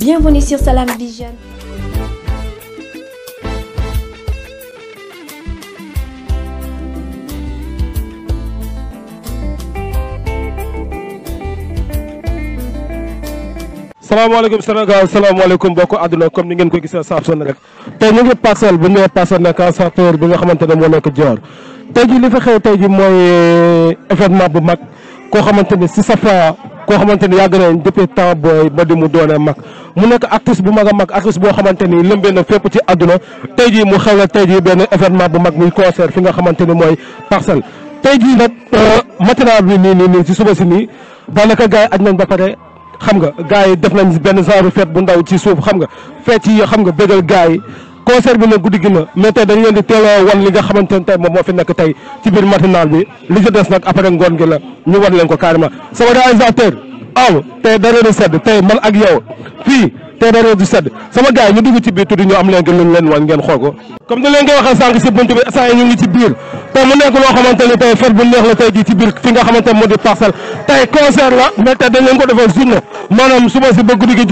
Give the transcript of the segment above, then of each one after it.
Bienvenue sur Salam Vision. salaamaaleykum Sénégal salaamaaleykum mbokk àdduna comme ni ngeen ko gisee saa su ne rek tey ñu ngi parcelle bu ñu nee parcelle nekk à secteur bi nga xamante ne moo nekk Dior tey ji li fi xew tey ji mooy euh, événement bu mag. koo xamante ne si sa koo xamante ne yàgg nañ depuis temps booy ba di mu doonee mag mu nekk actrice bu mag a mag actrice boo xamante ni lëmbee na fépp ci àdduna tey jii mu xew la tey jii benn événement bu mag muy concert fi nga xamante ni mooy parcelle tey jii nag euh, matinal bi nii nii nii si suba si nii daanaka gars yi aj nañ ba pare xam nga gars yi def nañ benn genre fête bu ndaw ci suuf xam nga fête yi xam nga bégal gars yi concert bi nag guddi gi la mais tey dañu leen di teeloo wan li nga xamante ne tey moo fi nekk tey ci biir matinal bi li ci des nag après ngoon gi la ñu wan leen ko carrément sama réalisateur aw tey dara du sedd tey man ak yow fii tey dara du sedd sama gars ñu dugg ci biir tey mu nekk loo xamante tey fête bu neex la tey ci biir fi nga xamante moo di parcelle tey concert la mais tey dañ leen ko defal journée maanaam suba si ba guddi gi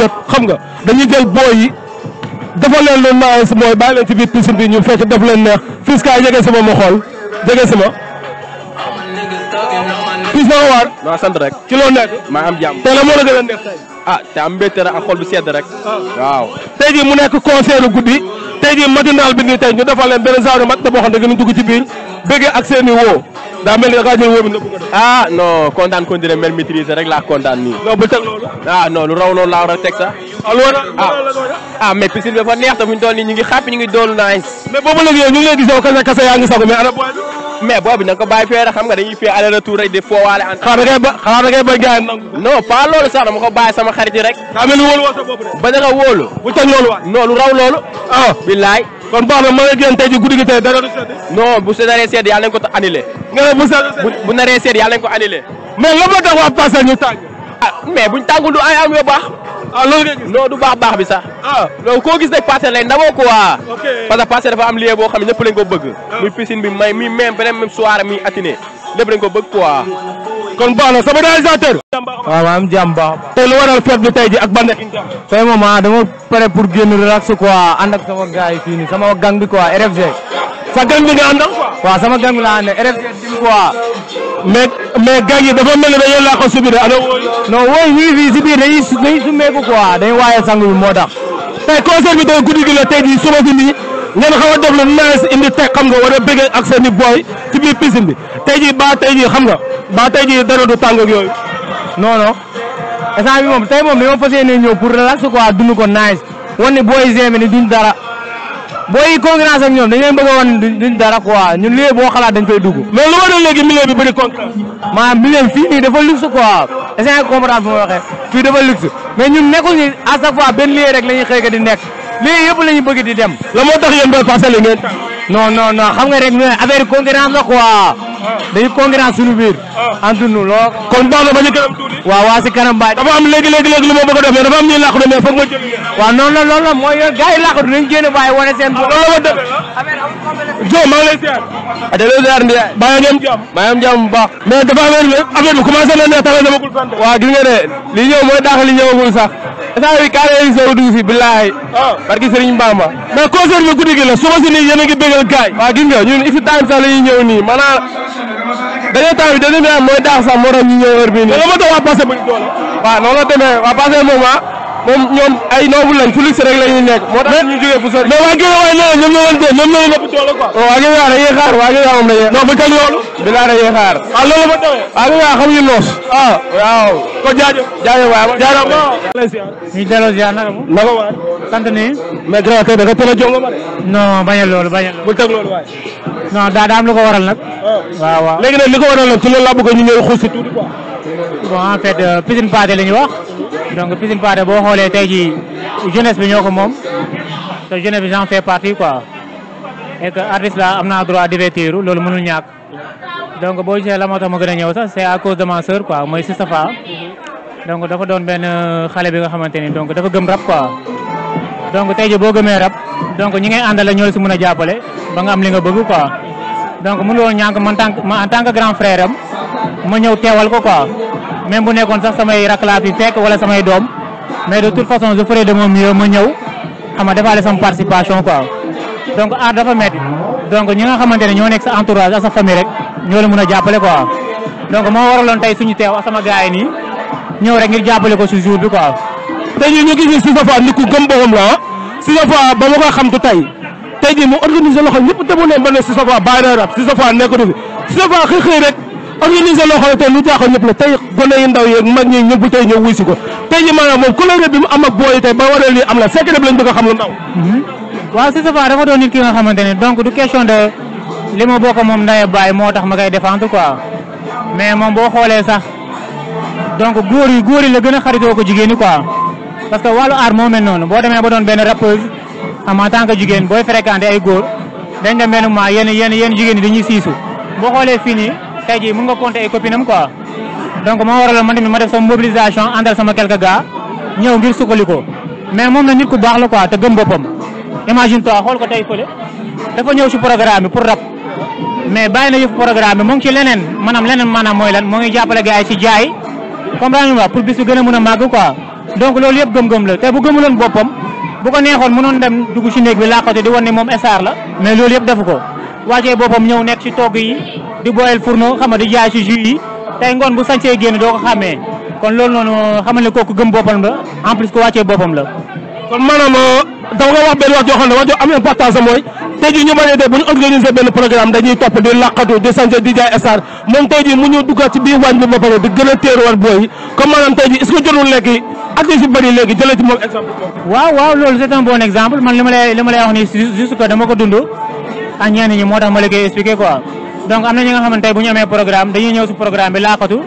dafa leen lu nice mooy bàyyi leen ci biir piscine bi ñu fecc def leen neex Fiska jege si ma ma xool jege si ma. Fils na waar. maa sant rek. ci loo maa am jàmm. tey la moo la gën a neex tey. ah te am mbégte xol bu sedd rek. waaw. tey mu nekk concert guddi. tey jii matinal bi nii tey ñu defal leen benn genre mat da boo xam ne gën a dugg ci biir bëgg ak seeni i woo. daa mel ni da ngaa ñëw wóor na ah non kontaan ko mel maîtriser rek laa kontaan nii. non bu teg loolu. ah non lu raw a teg ah, a ah. ah, na nga ko bàyyi fee rek xam nga dañuy fee aller da ngay loolu sax dama ko bàyyi sa bopp de. ba nga wóolu. bu kon baax na mën nga génn tey ji guddi gi tey dara du bu naree sedd yàlla nañ ko annulé. nga ne bu bu naree sedd yàlla nañ ko annulé. mais lan moo tax waa Parcelles ñu tàng. ah mais buñ tàngul du ay am yoo baax. ah loolu du baax baax bi sax. ah loolu koo gis nag Parcelles lay ndamoo ko a parce que Parcelles dafa am lieu boo xam ne ñëpp lañ ko bëgg. Ah. muy piscine bi may mi même beneen même soirée muy atiné. lépp dañ ko bëgg quoi. kon baax na sama réalisateur. waaw maa ngi jàmm baax. tey lu waral fête bi tey ji ak bande. tey moom ah dama pare pour génn relax quoi ànd ak sama gars yi sama gang bi quoi RFG. sa gang bi nga àndal quoi. waaw sama gang bi laa àndal RFG dim quoi. mais mais gang yi dafa mel ni dañoo laa ko subir ana wooy. non wooy bi moo tax. tey concert bi tey guddi gi tey jii suba si nii. ngeen xaw a def lu nice indi teg xam nga war a bëggee ak seen i booy ci tey jii ba tey jii xam nga ba tey jii dara du tàng ak yooyu. non non instant bi moom tey moom dañoo fas yéene ñëw ko nice wan ne booy Zémé ni duñ dara booy yi concurrence ak ñoom dañ leen bëgg a wan duñ dara quoi ñun léegi boo xalaat dañ koy dugg. mais lu waral léegi milieu bi bëri concurrence. maanaam milieu bi fii nii dafa luxe quoi instant yii comprendre bi ma waxee fii dafa luxe mais ñun nekkul ni à chaque fois benn lieu rek la ñuy di nekk. mais yëpp la ñu bëgg di dem. la moo tax yéen doon parcelles yi ngeen. non non non xam nga rek ñu affaire concurrence la quoi. dañu concurrence suñu biir. entre nous loo. kon baax na ba ñu kanam tuuti. waaw waa si kanam baaj. dafa am léegi léegi léegi lu ma bëgg a def mais dafa am ñuy làqu mais foog ma jël. waaw noonu la loolu la mooy yoon gars yi làqu dinañ génn bàyyi wane seen. Ah, loolu la ma def. jo maa ngi lay ziar. Ah, da lay ziar Ndiaye. maa ngi am jàmm maa ngi am jàmm bu baax. mais dafa affaire bi affaire bi commencé na ne tax na demagul fànn. waaw gis nga ne li ñëw mooy daax li ñëwagul sax saa yi kaay yooyu soo dugg fi billaay. Ah. barki Serigne Bamba. mais concert bi guddi gi la su ma si nii yéen a ngi bëggal gaay. waaw gis nga ñun ifti time sax la ñuy ñëw nii maanaam dañoo temps bi dañu mooy daax sax moo tax ñu ñëw heure bii nii. dama doon waa passé buñ doole. waaw noonu la demee waa passé moom ah, moom ñoom ay noobu lañ police rek lañuy nekk. moo tax ñu jógee bu sori mais waa Guédiawaye nee na ñoom ñoo leen dee ñoom ñoo leen ëpp doole quoi. waaw waa Guédiawaye dañuy xaar waa Guédiawaye moom dañuy. non bu teg ah, loolu. bilaa dañuy loolu ba tawee. waa Guédiawaye xamuñu noos. Ah. nii. mais grand tey dafa teel a jóg nga a loolu bañ a loolu. bu teg daa daa lu ko waral nag. Ah. waaw waaw léegi nag li ko waral nag ci loolu laa bëgg ñu ñëw xuus si en fait euh, piscine paate la wax donc piscine Pathé boo xoolee tey jii jeunesse bi ñoo ko moom te jeunesse bi j'en fais partie quoi et que artiste la am naa droit divertir loolu mënul ñàkk donc boo gisee la moo tax ma gën a ñëw sax c'est à cause de ma sœur quoi mooy Sistafa donc dafa doon benn euh, xale bi nga xamante ni donc dafa gëm rap quoi donc tey jii boo gëmee rap donc ñi ngay àndal ñoo si mën a jàppale ba nga am li nga bëgg quoi donc mënuloo ñàkk man en grand frère ma ñëw teewal ko quoi même bu nekkoon sax samay rakk laa fi fekk wala samay doom mais de toute façon je ferai de mon mieux ma ñëw xam a defaale sama participation quoi donc aar dafa metti donc ñi nga xamante ne ñoo nekk sa entourage ak famille rek ñoo la mën a jàppale quoi donc moo waraloon tey suñu teew ak sama gars nii ñëw rek ngir jàppale ko si jour bi quoi. tey ñu gis ne Sidy Mohamed nit ku gëm boppam la ah Sidy ba ma koy xam tu tey tey jii mu organiser loo xam ne tey lu jaaxal ñëpp la tey gone yi ndaw yeeg mag ñëpp tey ñëw wuy si ko tey ji maanaam moom couleur bi mu am ak booy tey ba waree lii am la fekk def lañ bëgg a xam lu ndaw mhm. waaw si safa dafa doon nit ki nga xamante ne donc du question de li ma ko moom ndaye bàyyi moo tax ma koy défendre quoi mais moom boo xoolee sax donc góor yi góor yi la gën a xaritoo ko jigéen ñi quoi parce que wàllu aar moo mel noonu boo demee ba doon benn rappeuse am en tant que jigéen booy fréquenté ay góor dañ dem benn moment yenn yenn yenn jigéen ñi dañuy siisu boo xoolee fii nii tey jii mën nga compter ay copinam quoi donc moo waraloon man tamit ma def sama mobilisation àndal sama quelques gars ñëw ngir sukkali mais moom la nit ku baax la quoi te gëm boppam imagine toi xool ko tey fële dafa ñëw si programme bi pour rap mais bàyyi na yëf programme bi mu ngi ci leneen maanaam leneen maanaam mooy lan moo ngi jàppale gars yi si jaay comprendre nga pour bis bi gën a mën a màgg quoi donc loolu yëpp gëm-gëm la te bu gëmuloon boppam bu ko neexoon mënoon dem dugg si néeg bi làqatu di la mais loolu yëpp defu ko wàccee boppam ñëw di boyal fourneau xam nga di jaay ci jus yi ngoon bu sañsee génn doo ko xàmmee kon loolu noonu xam ko kooku gëm boppam la en plus que wàccee boppam la. kon maanaam euh, dama nga wax benn wax joo xam ne am importance mooy tey jii ñu bañ a bu ñu organiser benn programme dañuy topp di laqatu di sañse di jaay star moom tey jii mu ñu duggaat ci biir waañ bi ba pare di gën a téer war booy yi comme maanaam tey est-ce que jotul lekk yi ak li moom exemple. waaw waaw loolu c'est bon ko dund ak moo tax ma la donc am na ñi nga xamante ne bu ñu amee programme dañuy ñëw si programme bi laakatu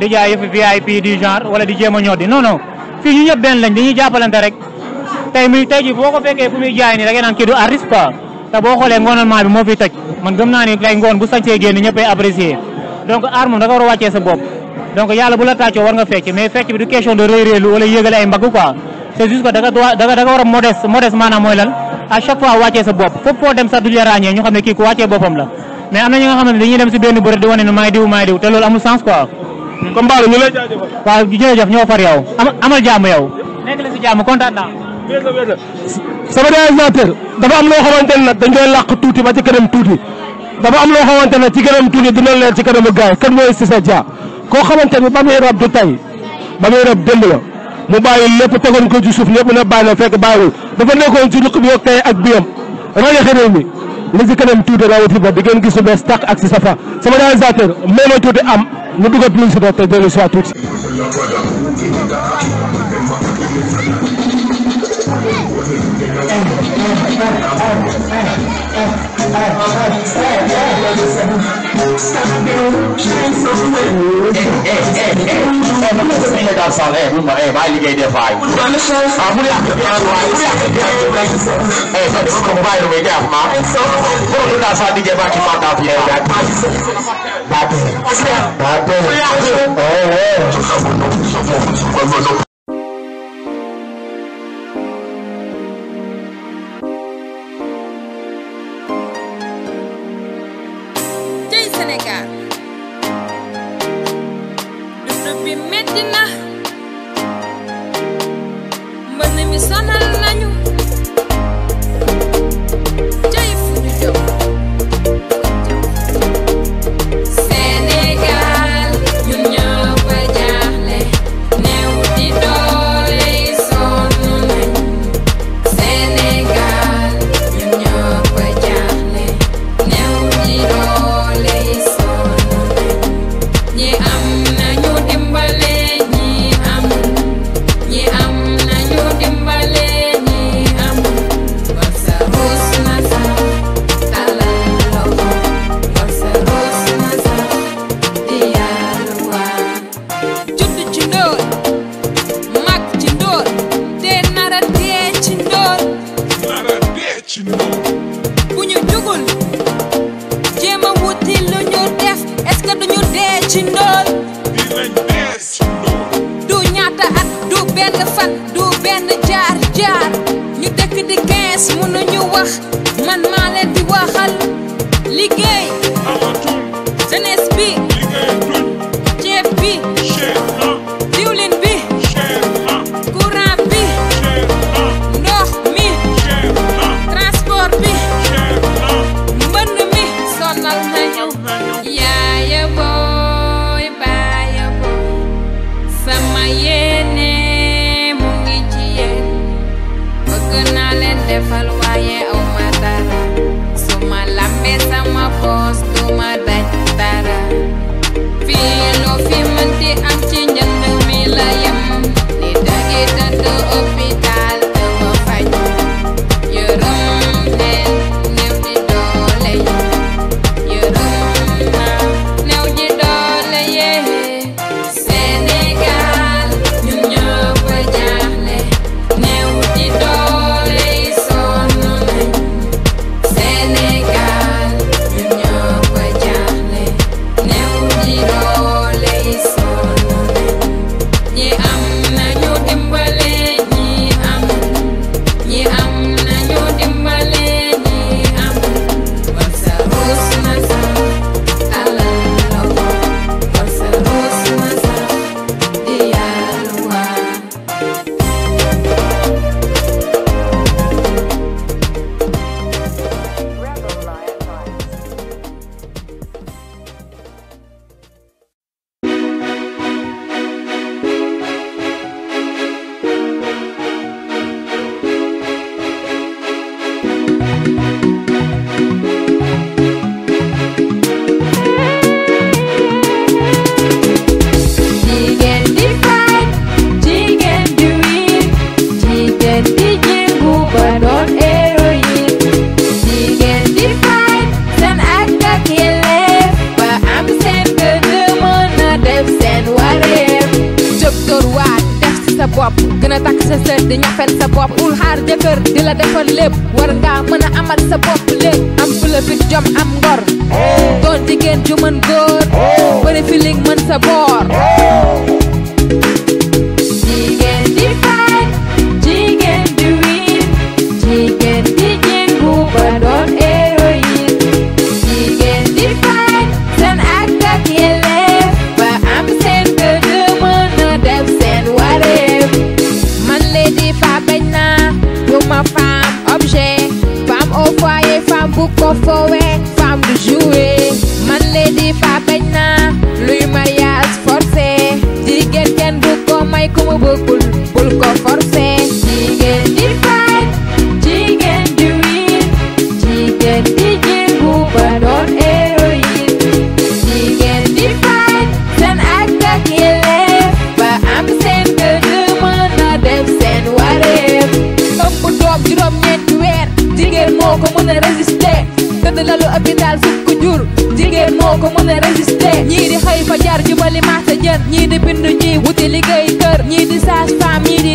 di jaay yëf VIP du genre wala di jéem a ñoddi non non fii ñu ñëpp lañ dañuy jàppalante rek tey muy tey ji foo ko fekkee fu muy jaay nii da ngay kii du artiste quoi te boo xoolee ngoonoon bi moo fi toj man gëm naa ni lay ngoon bu sañsee génn ñëppay apprécier donc aar moom da war a wàccee sa bopp donc yàlla bu la tàccoo war nga fecc mais fecc bi du question de réy-réylu wala a mais am na ñi nga xam ne dañuy dem si benn bërëb di wane ne maay diw maay diw te loolu amul sens quoi. comme Ba la ñu lay jaajëfal. waaw jërëjëf ñoo far yow amal jàmm yow. nekk la si kontaan naa. sama réalisateur dafa am loo xamante ne nag dañ koy làq tuuti ba ci kanam tuuti dafa am loo xamante ne ci kanam tuuti dina leer ci kanamu gaay kan mooy Cissé Dia koo xamante ne ba muy rab du tey ba muy rab démb la mu bàyyi lépp tegoon ko ci suuf ñëpp na bàyyi na fekk bàyyiwul dafa nekkoon ci luq bi ak tey ak biyam rajo li si kanam tuuti rawati fa di ngeen gis lu bees tàq ak si safa sama réalisateur may tuuti am nu dugal publicité te dellu si waat tuuti. mën na dem Sénégal sax eh mun ma eh bàyyi liggéey des fois ah mu yàq waaye mu yàq eh sa dama ko bàyyi may def ma pour lu daal sax liggéey ba ci mata bi eh ba ba ba ba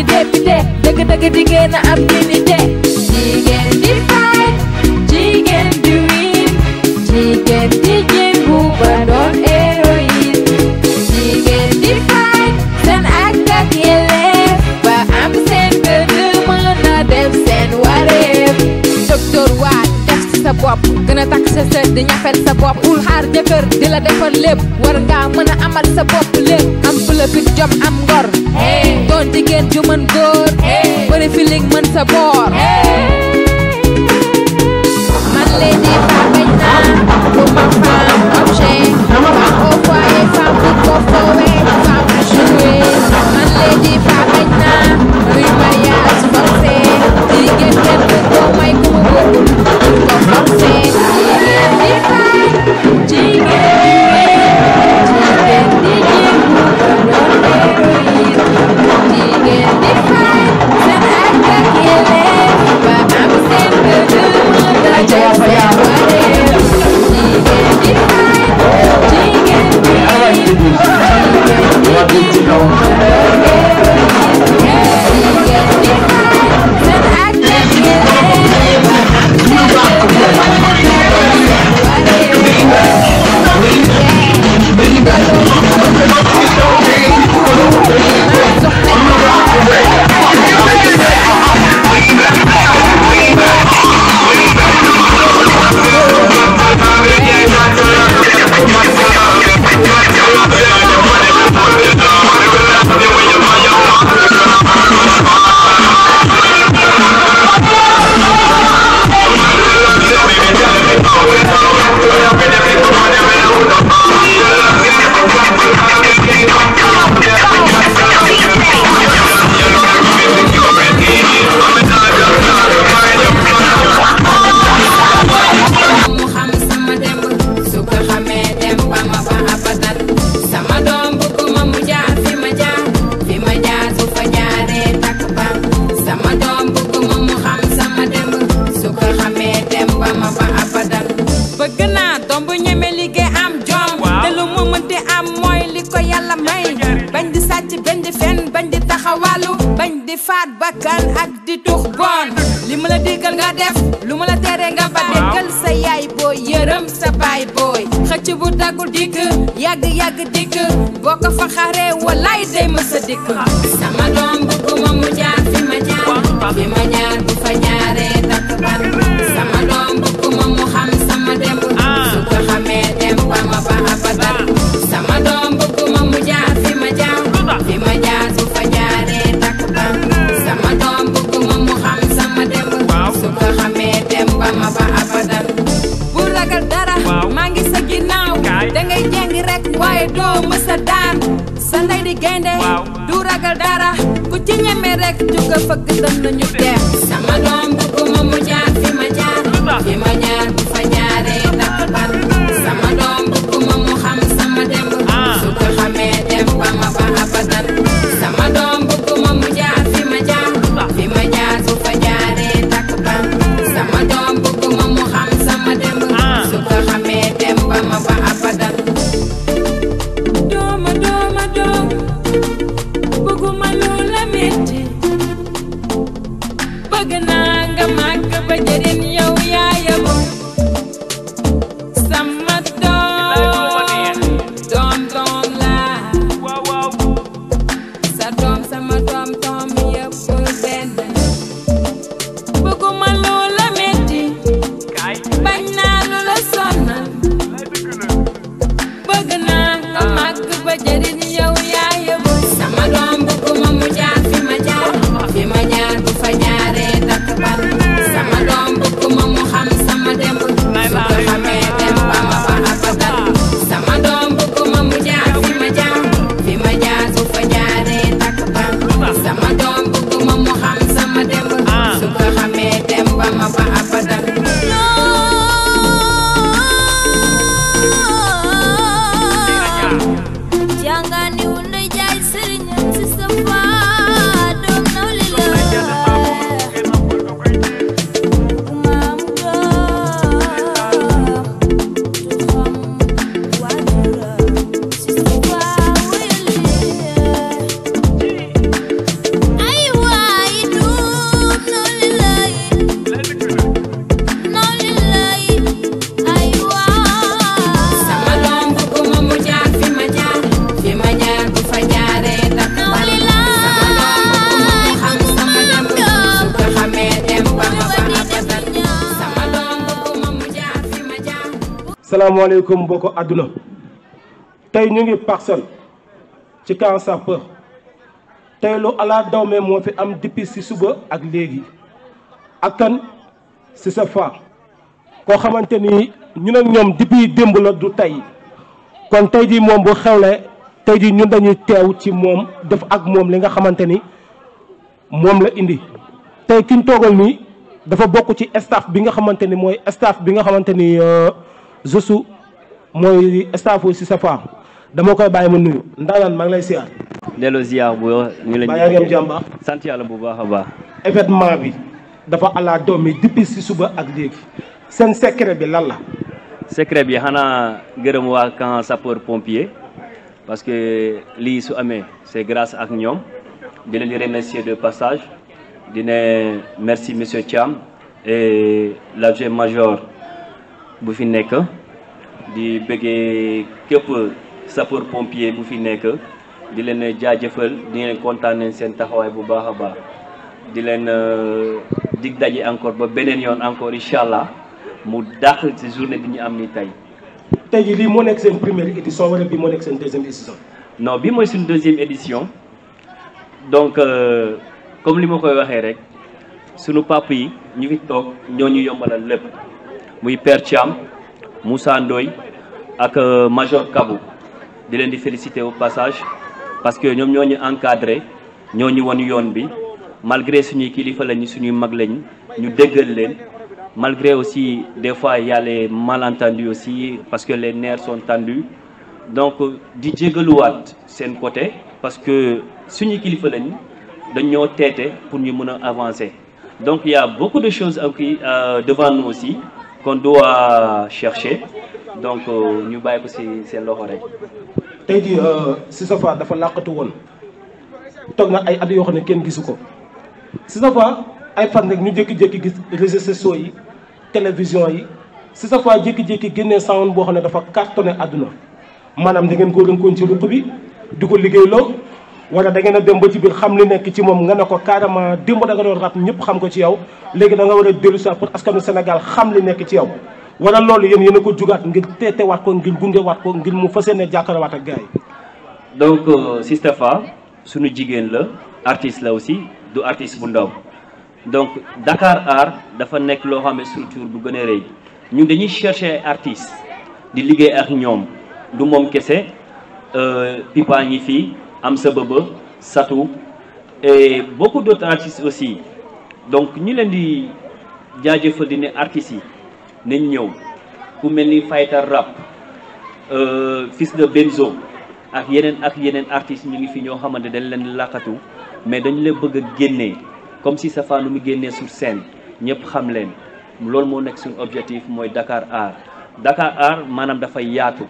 seeni député dëgg dëgg di ngeen a am unité jigéen di fight jigéen di win jigéen di jéem bu ba doon héroïne jigéen di fight seen ak ak yelleef ba am seen gëdd mën a def seen wareef docteur waat def ci sa bopp gën a takk sa sër di ñafet sa bopp bul xaar jëkkër di la defal lépp war ngaa mën a amal sa bopp lépp am fulla fit jom am ngor doon jigéen ju mën góor bëri feeling mën sa boor man lay déconne. bëgg naa nga màgg ba jëriñ yow ko mbokk àdduna tey ñu ngi parcelle ci camp sapeur tey lu alaa dawme moo fi am depuis si suba ak léegi ak kan si sa fa koo xamante ni ñun ak ñoom depuis démb la du tey kon tey ji moom bu xewle tey ji ñun dañuy teew ci moom def ak moom li nga xamante ni moom la indi tey kiñ toogal nii dafa bokk ci staff bi nga xamante ni mooy staff bi nga xamante ni euh, je mooy staffu si sa fa dama koy bàyyi ma nuyu ndaanaan maa ngi lay siyaar. delloo ziar bu ñu la. yaa ngi am sant yàlla bu baax a baax. événement bi dafa ala doom yi depuis si suba ak léegi seen secret bi lan la. secret bi xanaa gërëm waa camp sapeur pompier parce que lii su amee c'est grâce ak ñoom di leen remercier de passage di ne merci monsieur Thiam et l'adjoint major bu fi nekk. di bëggee képp sapor pompier bu fi nekk di leen jaajëfal di ngeen kontaan seen taxawaay bu baax a baax di leen euh, dig daje encore ba beneen yoon encore incha allah mu dàq ci journée bi ñu am ni tey. tey jii lii moo nekk seen première édition wala bii moo nekk seen deuxième édition. non bii mooy suñu deuxième édition donc euh, comme li ma koy waxee rek sunu papa yi ñu fi toog ñoo ñu yombalal lépp muy Père Thiam. Moussa Ndoye ak euh, Major Kabou di leen di féliciter au passage parce que ñoom ñoo ñu encadré ñoo ñu won yoon bi malgré suñuy kilifa lañu suñuy mag lañ ñu déggal leen malgré aussi des fois y a aussi parce que les nerfs sont tendus donc euh, di jégaluwaat seen côté parce que suñuy kilifa lañ dañoo teete pour ñu mun a avancer donc il y beaucoup de choses ak euh, devant nous aussi kon qu'on doit chercher donc euh, ñu bàyyi ko seen loxo rek. tey euh, si sa Fa dafa làqatu woon toog na ay at yoo xam ne kenn gisu ko Cissé Fa ay fan rek ñu jékki-jékki gis réseaux sociaux yi télévision yi Cissé Fa jékki-jékki génnee sound boo xam ne dafa cartonné àdduna maanaam da ngeen ko rënkoon ci ruq bi di ko liggéey liggéeyloo. wala da ngeen dem ba ci biir xam li nekk ci moom nga ne ko carrément démb da nga doon rap ñëpp xam ko ci yow léegi da nga war a dellu sa pour askanu Sénégal xam li nekk ci yow wala loolu yéen yéen a ko jugaat ngir teetewaat ko ngir gungewaat ko ngir mu fas yéene jàkkaarwaat ak gars yi donc euh, Sistapha suñu jigéen la artiste la aussi du artiste bu ndaw donc dakaar Art dafa nekk loo xam ne structure bu gën a rëy ñun dañuy chercher ay di liggéey ak ñoom du moom kese euh, Pipa ngi fii am Amsababa Satou et beaucoup d'autres artistes aussi donc ñu leen di jaajëfal di ne artistes yi nañ ñëw ku mel ni Fayta Rap euh, fils de Benzo ak yeneen ak yeneen artistes ñu ngi fi ñoo xamante dañ leen làqatu mais dañu leen bëgg a génnee comme si Safa nu mu génnee sur scène ñëpp xam leen loolu moo nekk suñu objectif mooy Dakar Art Dakar Art maanaam dafa yaatu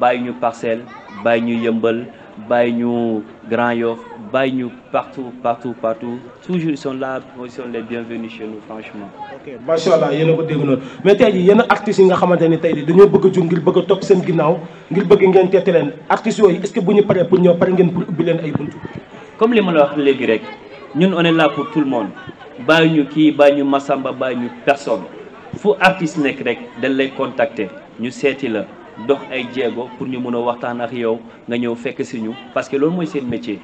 bàyyi ñu parcel bàyyi ñu yëmbal bàyyi ñu Grand Yoff bàyyi ñu partout partout partout toujours ils sont là ils sont les bienvenus chez nous franchement. ok macha allah yéen a ko dégg noonu mais tey jii yenn artistes yi nga xamante ne tey jii dañoo bëgg a jur ngir bëgg a topp seen ginnaaw ngir bëgg ngeen teete leen artistes yooyu est-ce que bu ñu paree pour ñëw pare ngeen pour ubbi leen ay buntu. comme li ma la wax léegi rek ñun on est là pour tout le monde bàyyi ñu kii bàyyi ñu Massamba bàyyi ñu personne fu artiste nekk rek dañ lay contacter ñu seeti la. dox ay jéego pour ñu mën a waxtaan ak yow nga ñëw fekk si ñu parce que loolu mooy seen métier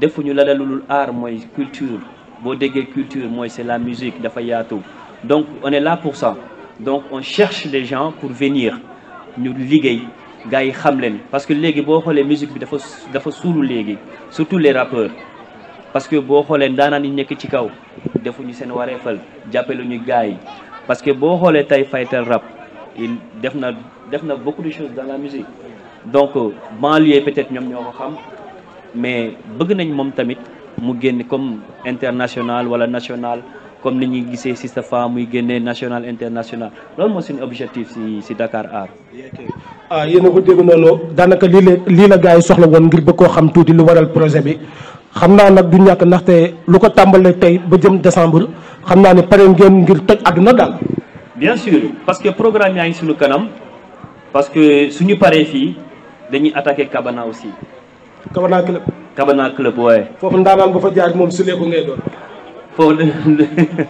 defuñu la lulul art mooy culture boo déggee culture mooy c'est la musique dafa yaatu donc on est pour sax donc on cherche des gens pour venir ñu liggéey gars yi xam leen parce que léegi boo xoolee musique bi dafa dafa suulu léegi surtout les rappeurs parce que boo xoolee daanaan yi nekk ci kaw defuñu seen wareefal ñu gars yi parce que boo xoolee tey Faytal rap il def na def na beaucoup de choses dans la musique donc banlieue peut-être ñoom ñoo ko xam mais bëgg nañ moom tamit mu génne comme international wala national comme ni ñuy gisee si Safa muy génnee national international loolu moo suñu objectif si si Dakar Art. ah yéen a dégg noonu daanaka lii la lii la gars yi soxla woon ngir bëgg koo xam tuuti lu waral projet bi xam naa nag du ñàkk ndaxte lu ko tàmbalee tey ba jëm décembre xam naa ne pare ngeen ngir toj àdduna daal. bien sûr parce que programme yaa ngi suñu kanam parce que suñu paree fii dañuy attaqué Kabana aussi. Kabana club. Kabana club waaye. foofu ndaanaan ba fa jaar moom suleeku ngay doon. foofu de.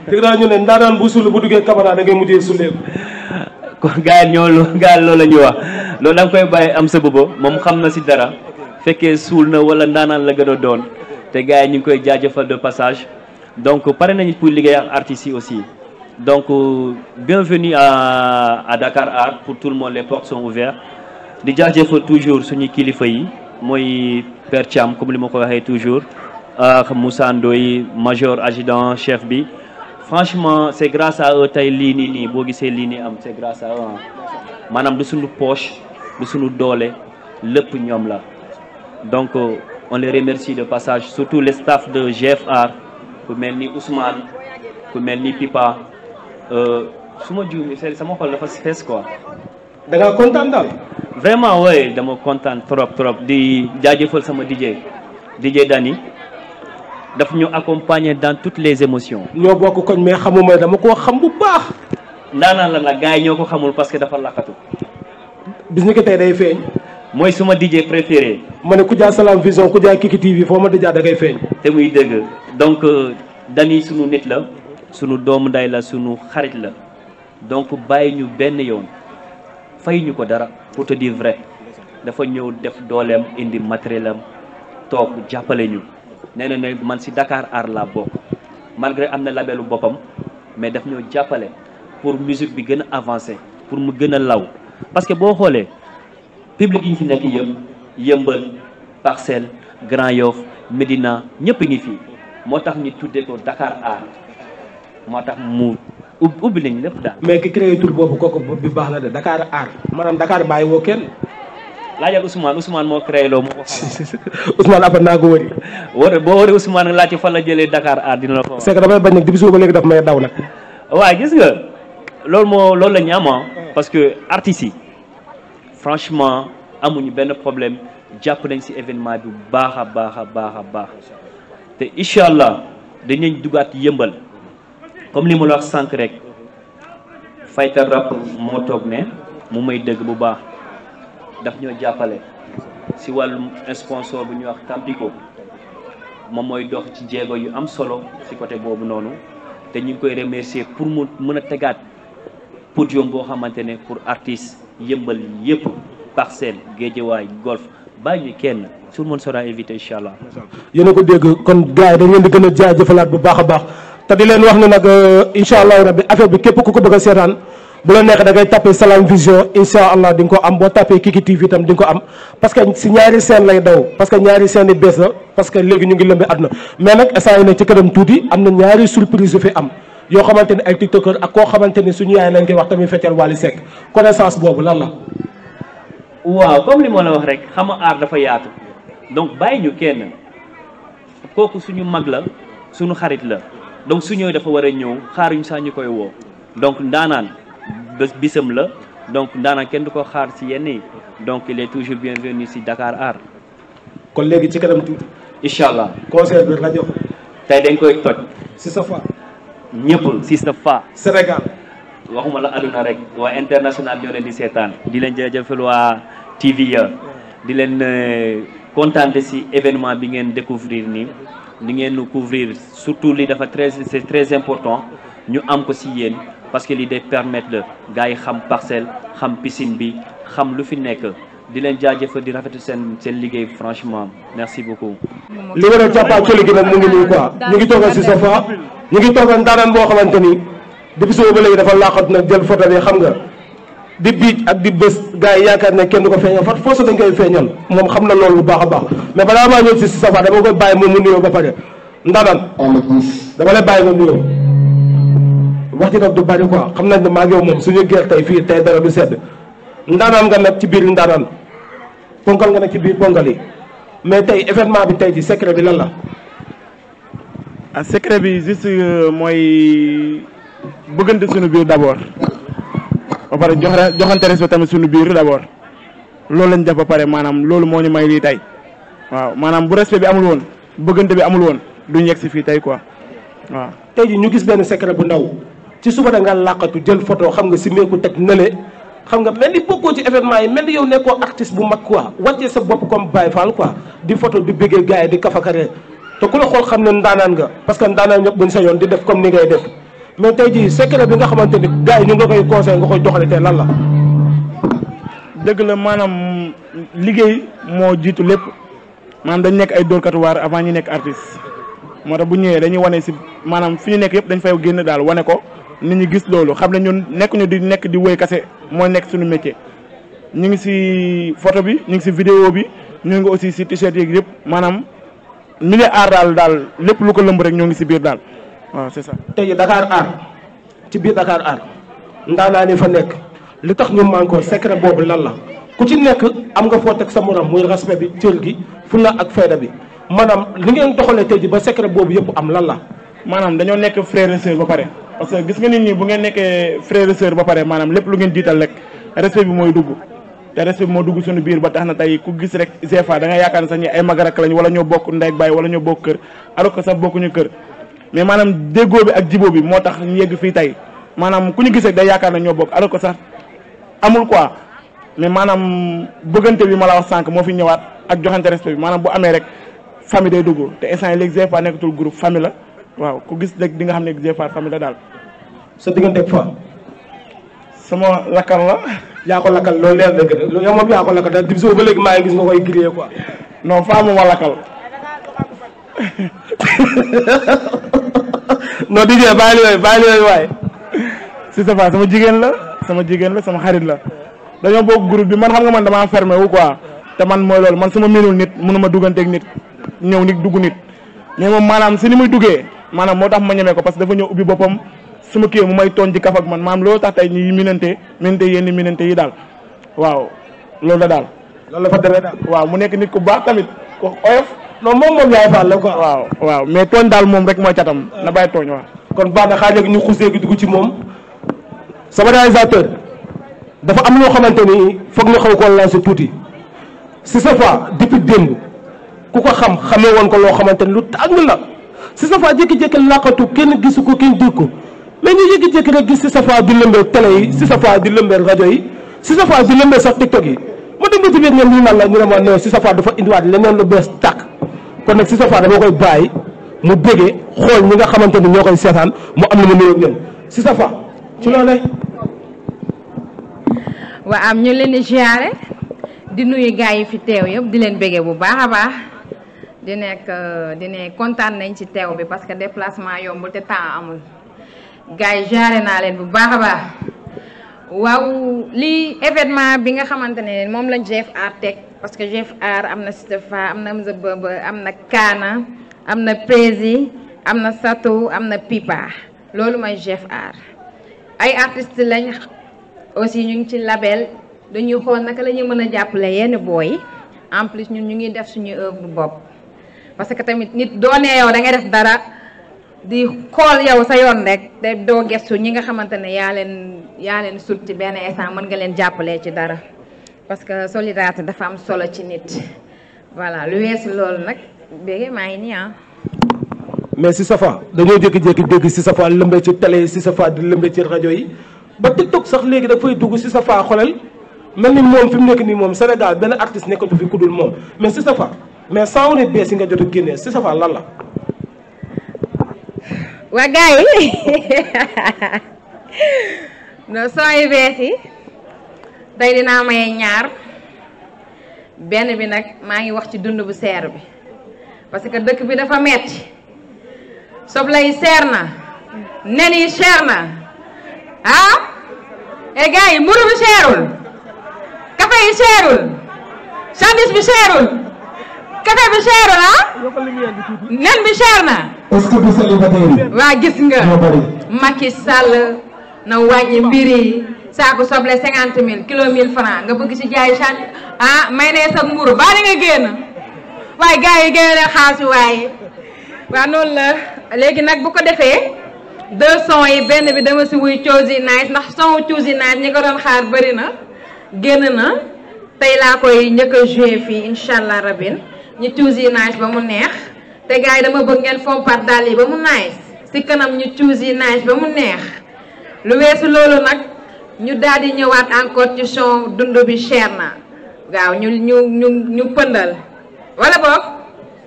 dégg naa ñu ne ndaanaan bu suul bu duggee Kabana da ngay mujjee suleeku. kon gars yi ñoo gars loolu la ñuy wax loolu da koy bàyyi am sa bobo moom xam na si dara fekkee suul na wala ndaanaan la gën a doon te gars yi ñu ngi koy jaajëfal de passage donc pare nañu pour liggéey ak artistes aussi. Donc, euh, bienvenue à, à, Dakar Art. Pour tout le monde, les portes sont ouvertes. Déjà, je fais toujours ce qui est fait. Moi, Père Cham, comme je le toujours. Euh, Moussa Ndoye, Major Adjudant, Chef B. Franchement, c'est grâce à eux que lignes sont C'est grâce à eux. Madame, de sunu poche, de sunu doole le pignon là. Donc, euh, on les remercie de passage, surtout les staff de GFR, comme Ousmane, comme Pipa. Eh, su ma juumee c'est sama xol dafa fees quoi. da ngaa kontaan daal. vraiment wooy dama kontaan trop trop di jaajëfal sama DJ DJ Dani daf ñu accompagner dans toutes les émotions. ñoo bokk koñ mais xamuma dama koo xam bu baax. ndaanaan la nag gars yi ñoo ko xamul parce que dafa laqatu. bis day feeñ. mooy suma DJ préféré. ma ne Kouthia Salam Vision Kouthia Kiki TV foo ma dëjaa da feeñ. te muy dëgg donc euh, Dani sunu nit la. sunu doomu nday la sunu xarit la donc bàyyi ñu benn yoon fay ñu ko dara pour te dire vrai dafa ñëw def dooleem indi matériel am toog jàppale ñu nee na ne man si dakaar Art laa bokk malgré am na labelu boppam mais daf ñoo jàppale pour musique bi gën a avancé pour mu gën a law parce que boo xoolee public yi ñu fi nekk yëpp yëmbal parcelle Grand Yoff Médina ñëpp ngi fii moo tax ñu tuddee ko dakaar Art moo tax mu ubbi lañ lépp daal. mais ki créé tur boobu kooku bi baax la de dakaar aar maanaam Dakar bàyyi woo kenn. laajal Ousmane Ousmane moo créé loo moo ko Ousmane après naa ko boo wëri Ousmane nga laajte la jëlee Dakar aar dina la ko wax. c'est que damay bañ nag depuis gis nga loolu moo loolu la ñu ah. parce que artistes yi franchement amuñu benn problème jàpp nañ si événement bi bu baax a baax a baax a baax te incha allah dañu dugaat yëmbal. comme li ma la wax sànq rek faytal rap moo toog ne mu may dëgg bu baax daf ñoo jàppale si wàllum sponsor bu ñuy wax Tampico moom mooy dox ci jéego yu am solo si côté boobu noonu te ñu ngi koy remercier pour mu mën a tegaat podium boo xamante ne pour artiste yëmbal yëpp parcelle géejewaay golf bàyyi ñu kenn sur mon sera évité incha allah. yéen ko dégg kon gars yi di gën a jaajëfalaat bu baax a baax. te di leen wax ne nag euh, incha allahu rabbi affaire bi képp ku ko bëgg a seetaan bu la neexee da ngay tapé Salam Vision incha allah di ko am boo tapé Kiki TV itam di ko am parce que si ñaari seen lay daw parce que ñaari seen yi bees na parce que léegi ñu ngi lëmbe àdduna mais nag instant yi ne ci këram tuuti am na ñaari surprise yu fi am yoo xamante ni ay tiktokeur ak koo xamante ni suñu yaay lañ koy wax tamit fecceel Wally Seck connaissance boobu lan la. waaw comme li ma la wax rek xam nga aar dafa yaatu donc bàyyi ñu kenn kooku suñu mag la suñu xarit la. donc su ñëwee dafa war a ñëw xaaruñ saa ñu koy woo donc ndaanaan bés bisam la donc ndaanaan kenn du ko xaar si yenn yi donc il est toujours bienvenu si Dakar aar kon léegi ci kanam tuuti. incha allah concert bi rajo. tey dañ koy toj. si sa fa. ñëpp si sa fa. Sénégal. waxuma la aduna rek waa international ñoo leen di seetaan di leen jërëjëfal waa TV ya di leen euh, kontaan si événement bi ngeen découvrir nii ni ngeen couvrir surtout lii dafa très c'est très important ñu am ko si yéen parce que li day permettre la gars yi xam parcelle xam piscine bi xam lu fi nekk di leen jaajëfal di rafetlu seen seen liggéey franchement merci beaucoup. li war a jàppale gi nag mu ngi nii quoi ñu ngi toogal si Safa ñu ngi toogal ndaanaan boo xamante ni depuis suba ba léegi dafa laaxat nag jël photo bi xam nga. di biij ak di bés gaa yi yaakaar ne kenn ko feeñal fat foo sa dañ koy feeñal moom xam na loolu bu baax a baax mais balaa maa ñëw si Safa dama koy bàyyi moom mu nuyoo ba pare ndaanaan dama lay bàyyi nga wax ji nag du bari ko xam nañ ne maa moom suñu gerte tey fii tey dara du sedd ndaanaan nga nag ci biir ndaanaan ponkal nga nag ci biir ponkal yi mais tey événement bi tey ci secret bi lan la ah secret bi juste euh, mooy bëggante suñu biir d'abord ba pare jox joxante respect tamit suñu biir d'abord loolu lañ def ba pare maanaam loolu moo ñu may lii tey waaw maanaam bu respect bi amul woon bëggante bi amul woon du yegg si fii tey quoi waaw. tey ñu gis benn secret bu ndaw ci suba da nga làqatu jël photo xam nga si meeku teg nële xam nga mel ni bokkoo ci événement yi mel ni yow nekkoo artiste bu mag quoi wàccee sa bopp comme Baye Fall quoi di photo di bëggee gars yi di kafakaree te ku la xool xam ne ndaanaan nga di def comme ni ngay def. mais tey jii secret bi nga xamante ni gars yi ñu nga koy conseil nga koy doxale tey lan la. dëgg la maanaam liggéey moo jiitu lépp maanaam dañ nekk ay dóorkatu waar avant ñu nekk artiste moo tax bu ñëwee dañuy wane si maanaam fi ñu nekk yëpp dañ fay génn daal wane ko ni ñu gis loolu xam ne ñun nekk ñu di nekk di woy kase mooy nekk suñu métier. ñu ngi si photo bi ñu ngi si vidéo bi ñu ngi aussi si t-shirt yeeg yëpp maanaam milieu art daal daal lépp lu ko lëmb rek ñoo ngi si biir daal. waaw c'est ça tey Dakar aar ci biir Dakar aar ndaanaan fa nekk li tax ñu man ko secret boobu lan la ku ci nekk am nga foo teg sa morom muy respect bi cër gi fulla ak fayda bi maanaam li ngeen doxalee tey ba secret boobu yëpp am lan la. maanaam dañoo nekk frère et sœur ba pare parce que nga nit ñi bu ngeen nekkee frère et sœur ba lépp lu ngeen jiital rek respect bi mooy dugg. te respect bi moo dugg suñu biir ba tax na tey ku gis rek GFA da nga yaakaar ne sax ñi ay mag rakk lañ wala ñoo bokk ndey ak baay wala ñoo bokk kër a que sax bokkuñu kër. mais maanaam déggoo bi ak jiboo bi moo tax ñu yegg fii tey maanaam ku ñu gisee day yaakaar ne ñoo bokk alors ko sax amul quoi mais maanaam bëggante bi ma la wax sànq moo fi ñëwaat ak joxante respect maanaam bu amee rek famille day dugg te instant yi léegi GFA nekkatul groupe famille la waaw ku gis rek di nga xam ne GFA famille la daal. sa diggante ak fa sama lakkal la. yaa ko lakkal loolu leer dëgg la yow moom yaa ko lakkal daal soo ba léegi maa ngi gis nga koy grillé quoi. non faa moom ma lakkal. non DJ bàyyi la yooyu bàyyi la yooyu waaye. Sistafa sama jigéen la sama jigéen la sama xarit la dañoo boo groupe bi man xam nga man damaa ferme wu quoi te man mooy loolu man su ma miinul nit mënuma dugganteeg nit ñëw nit dugg nit mais moom maanaam si ni muy duggee maanaam moo tax ma ñemee ko parce que dafa ñëw ubbi boppam su ma kiiwee mu may tooñ ci kaf ak man maam loolu tax tey ñuy minante minante yenn minante yi daal waaw loolu la daal. waaw mu nekk nit ku baax tamit ku oyof. non moom moom yaay faal la ko waaw waaw mais tooñ daal moom rek mooy catam na bàyyi tooñ waaw. kon baax na xaajal ñu xusee gi dugg ci moom sama réalisateur dafa am loo xamante ni foog ñu xaw koo si tuuti si sa fa depuis démb ku ko xam xamee woon ko loo xamante ni lu tàng la si sa fa jékki-jékki kenn gisu ko kenn dégg ko mais ñu jékki-jékki rek gis si sa fa di lëmbee télé yi si sa di lëmbee rajo yi si sa fa di lëmbee sax tiktok yi. ma déglu ci biir ñoom ñu naan la ñu ne ma non Cissé Fall dafa indiwaat leneen lu bees tàkk kon nag Cissé Fall dama koy bàyyi mu déggee xool ñi nga xamante ni ñoo koy seetaan mu am na ma nuyoog ñoom Cissé Fall ci loolee. waa am ñu leen di ziare di nuyu gars yi fi teew yëpp di leen béggee bu baax a baax di nekk euh, di ne kontaan nañ ci teew bi parce que déplacement yombul te temps amul gars yi ziare naa leen bu baax a baax. waaw lii événement bi nga xamante ne moom la GFR teg parce que GFR am na Siteu am na Moussa Baba am na Kaana am na Prési am na Sato am na Pipa loolu mooy GFR ay artistes lañ aussi ñu ngi ci label dañuy xool naka la ñuy mën a jàppale yenn booy en plus ñun ñu ngi def suñu œuvre bopp parce tamit nit doonee yow da def dara. di xool yow sa yoon rek day doo gestu ñi nga xamante ne yaa leen yaa leen sut ci benn instant mën nga leen jàppalee ci dara parce que solidarité dafa am solo ci nit voilà lu weesu loolu nag bége maa ngi nii ah. mais si safa dañoo jékki-jékki dégg si safa lëmbee ci télé si safa di lëmbee ci rajo yi ba TikTok sax léegi dafay dugg si safa xolal mel ni moom fi mu nekk nii moom Sénégal benn artiste nekkatu fi ku dul moom mais si safa mais saa wu ne b yi nga jot a génnee si safa lan la. waa gars yi non son yu bees yi tey dinaa maye ñaar benn bi nag maa ngi wax ci dund bu seer bi parce que dëkk bi dafa metti sobla yi seer na nen yi seer na ah e gars yi mburu bi seerul café yi seerul sandwich bi seerul café bi cher na nen bi cher na. waa gis nga. ñoo bëri. Macky na wàññi mbir yi soble cinquante mille kilo mille franc nga bëgg ci jaay chan ah may nee sa mburu baa nga génn waaye gars yi génne xaas yi waaye. waaw noonu la léegi nag bu ko defee deux sons yi benn bi dama si wuy Choosy Nice ndax son Choosy Nice ñi ko doon xaar bëri na génn na tey laa koy njëkk a joué fii allah rabin ñu choosir nice ba mu neex te gars yi dama bëgg ngeen fompat dal yi ba mu nice ci kanam ñu choosir nice ba mu neex lu weesu loolu nag ñu daal di ñëwaat encore ci son dund bi cher na waaw ñu ñu ñu ñu pëndal wala boog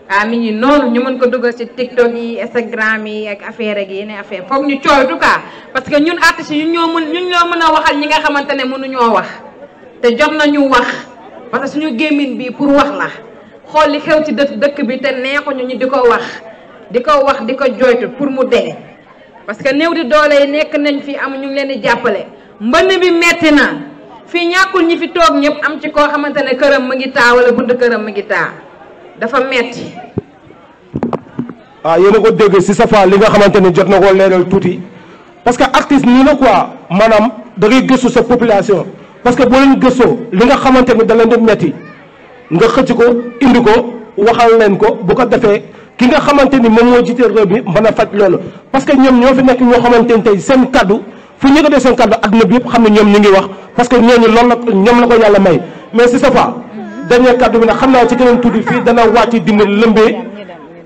waaw ah, mi ngi noonu ñu mën ko dugal ci tiktok yi instagram yi ak affaire ak yeneen affaire foog ñu coow en tout cas parce que ñun artistes yi ñoo mën ñu ñoo mën a waxal ñi nga xamante ne mënuñoo wax te jot nañu wax parce que suñu gémmiñ bi pour wax la xool li xew ci dëkk bi te neexuñu ñu di ko wax di ko wax di ko joytu pour mu dee parce que néew di doole yi nekk nañ fi am ñu ngi leen di jàppale mbënn bi metti na fii ñàkkul ñi fi toog ñëpp am ci koo xamante ne këram mu ngi taa wala bunt këram mu ngi taa dafa metti waaw ah, yéena ko dégg si safa li nga xamante ne jot na ko leeral tuuti parce que artiste nii ne ko maanaam da ngay gëstu sa population parce que boo leen gëstoo li nga xamante ne da leen di metti nga xëcc ko indi ko waxal leen ko bu ko defee ki nga xamante ni moom moo jiite réew mi mën a faj loolu parce que ñoom ñoo fi nekk ñoo xamante ni tey seen kàddu fi ñu ko dee seen kaddu adduna bi yëpp xam ne ñoom ñu ngi wax parce que ñooñu loolu la ñoom la ko yàlla may mais si sa fa dernier kaddu bi nag xam naa ci keneen tuuti fii dana wàcc dina lëmbee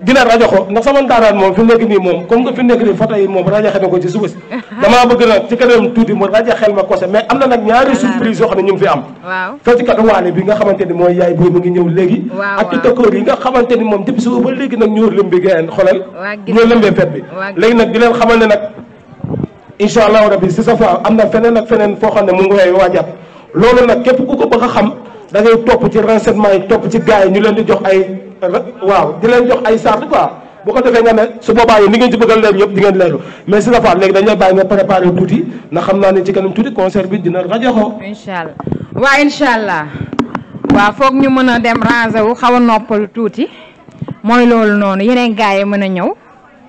dina rajo xo ndax sama ndaaraan moom fi mu nekk nii moom comme que fi nekk nii photo yi moom rajaxe na ko ci suba si ma kose mais am na nag ñaari surprise yoo ne ñu ngi fi am nga xamante ni mooy yaay booy mu ngi ñëw léegi ak tiktokeur yi nga xamante ni moom depuis suba ba léegi nag ñoo lëmbi gayen xoolal ñoo lëmbee fet bi léegi nag di leen xamal nag incha allahu rabi si sa fois am na feneen ak feneen foo xam ne mu ngi koy waajaat loolu nag képp ku ko bëgg a xam dangay ngay topp ci renseignement yi topp ci gars yi ñu leen di jox ay waaw di leen jox ay sart quoi boo ko defee nga ne su boobaa yi ni ngeen ci bëgg a leer yëpp di ngeen leerlu mais si la faat léegi dañuy bàyyi nga préparé tuuti ndax xam naa ne ci kanam tuuti concert bi dina rajoxoo incha allah waaw incha allah waaw foog ñu mën a dem ranger wu xaw a noppalu tuuti mooy loolu noonu yeneen gars yi mën a ñëw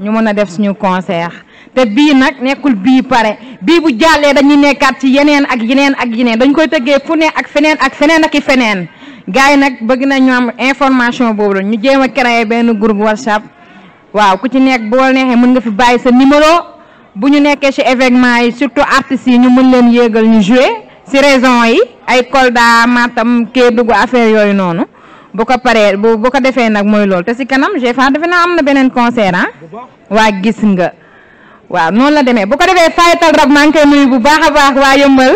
ñu mën a def suñu concert te bii nag nekkul bii pare bii bu jàllee dañuy nekkaat ci yeneen ak yeneen ak yeneen dañ koy tëggee fu ne ak feneen ak feneen ak i feneen gars yi nag bëgg na ñu am information boobu la ñu jéem a créer benn groupe whatsapp waaw ku ci nekk boo neexee mën nga fi bàyyi sa numéro bu ñu nekkee ci événement yi surtout artistes yi ñu mën leen yéegal ñu jouer ci raison yi ay Kolda Matam Kédougou affaire yooyu noonu bu ko paree bu bu ko defee nag mooy loolu te si kanam GFA defe naa am na beneen concert ah nga waaw noonu la demee bu ko defee fayatal rab maa ngi koy nuyu bu baax a baax waa yëmbal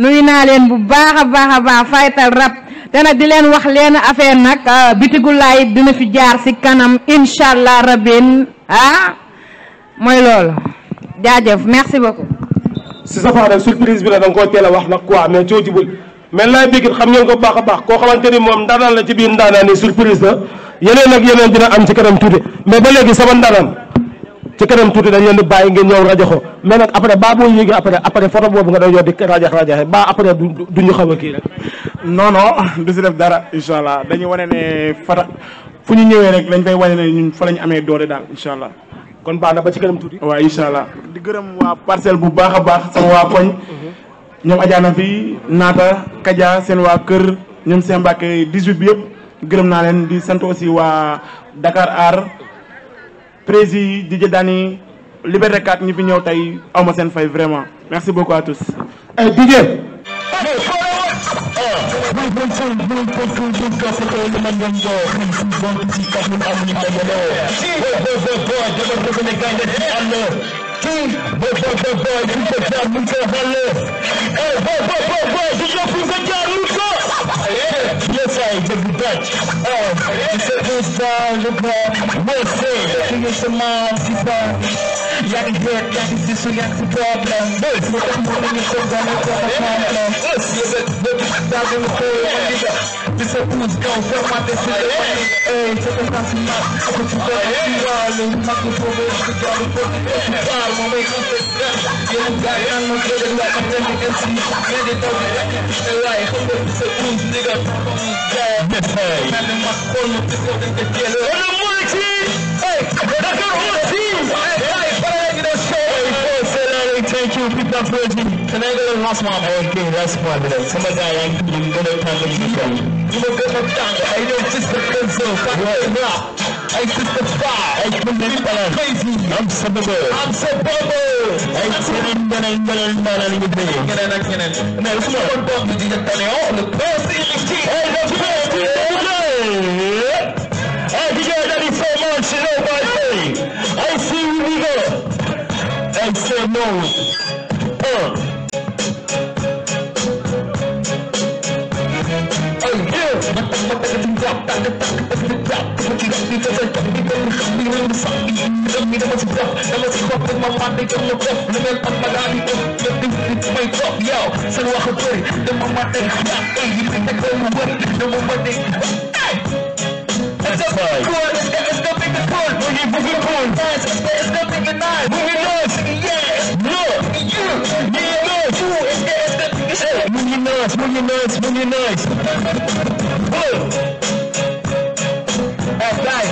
nuyu naa leen bu baax a baax a baax fayatal rab te nag di leen wax leen affaire nag euh, bitigu laay dina fi jaar si kanam incha allah rabin ah mooy loolu jaajëf merci beaucoup. si sa faana surprise bi la da nga koo teel a wax nag quoi mais coo jubul mais laay bégit xam ngeen ko baax a baax koo xamante ni moom ndaanaan la ci biir ndaanaan ni surprise la yeneen ak yeneen dina am ci kanam tuuti mais ba léegi sama ndaanaan. ci kanam tuuti dañ leen di bàyyi ngeen ñëw rajo ko mais nag après ba boo yéegee après après photo boobu nga doon ñëw di rajax rajaxe ba après du ñu xaw a kii rek. non non du si def dara incha allah dañu wane ne fata fu ñu ñëwee rek dañ fay wane ne ñun fa la ñu amee doole daal incha allah. kon baax na ba ci kanam tuuti. waaw incha allah di gërëm waa parcelle bu baax a baax sama waa koñ. ñoom ajaana fi naata kaja seen waa kër ñoom seen mbàkke 18 bi yëpp gërëm naa leen di sant aussi waa Dakar Aar. prési Didier Dany Liberté 4 ñi fi ñëw tey awma seen fay vraiment merci beaucoup à tous hey, Didier muy muy muy muy muy muy kooku tey li ma ñoom ñoo xam si bon ci kàddu am ñu ma ñoroo. boo boo boo jabar dëgg ne gaynde ci àll. kii boo boo boo boo ñu ko jaar ñu ko xàll. boo boo boo boo ñu ko fi nga jaar ñu ko. yéen saay dëgg touch. Oh, it's a good song, look at what's it. She is a mom, she's fine. Y'all can hear, y'all can see, so y'all can problem. This, what I'm doing is so gonna cause a problem. This, you're the, the, that's in the story, and you got, this is who's gonna go, my this is the way. Hey, take a pass and knock, what you gonna do, darling? Knock it over, it's the dog, it's the dog, it's the dog, my way, it's the dog. You don't got it, I'm not good at that, I'm gonna get you. Man, it don't get that, it's the life, it's the who's nigga, I'm gonna die. Can I go to house mom? Okay, that's fabulous. Some of that I'm going to tell you. You will get a tongue. I know just the pencil. I just the fire. I can be crazy. I'm so bubble. I'm so bubble. I can't even get anything. And I can't. And I can't. And I can't. And I can't. And I can't. And I can't. And I can't. And I can't. Mm-hmm. I began that is so much, you know, by day. I see you we go. I say no. Uh. I do. Yo, so I could put it. The moment they got, you think they're going to work. The moment they. It's a big one. It's the, it's the biggest one. When you move your pool. It's the, it's the biggest nine. Move your nose. Yeah. Look. You. Me and nose. You. It's the, it's the biggest one. Move your nose. Move your nose. Move your nose. Pull. That's right.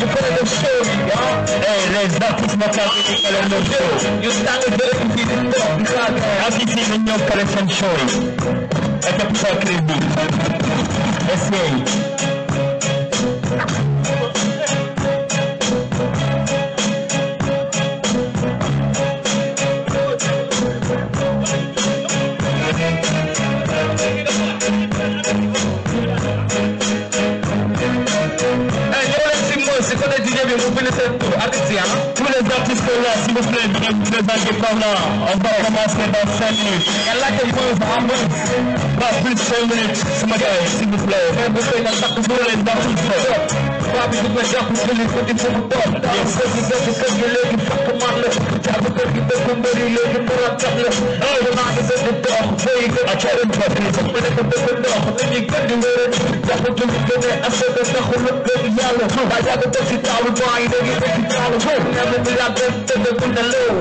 You put it on show, y'all. Hey, there's nothing much I can tell on the show. You started getting this stuff. How can you see the new person showing? Это психоатрибут. Эссей. représenter Kaolack. On va commencer dans 5 minutes. Yàlla te mooy fa am pas plus 5 minutes. Sama gars yi, s'il vous tubaab yi ma jàpp si li fa di fa mu toog daa kër gi dëkk kër gi léegi pakk man la jàpp kër gi dëkk mbëri léegi pour a tax la ay maa ngi gën di dox fooy gën a cere ba fi ma nekk dëkk ndox na ñuy gën di wéral jàpp jëm gën a am sa gën a xulu gën yàlla waa yàgg dëkk si taalu boo ay léegi dëkk taalu foofu ne mu mi laa gën tëdd bu ne léew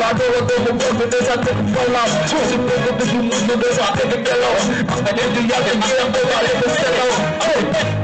waa doo wa doo bu bor bi dèjà dëkk boolaa soo si bëgg dëkk mu mu dèjà dëkk delloo nga ne du yàgg ngir am ko waa léegi delloo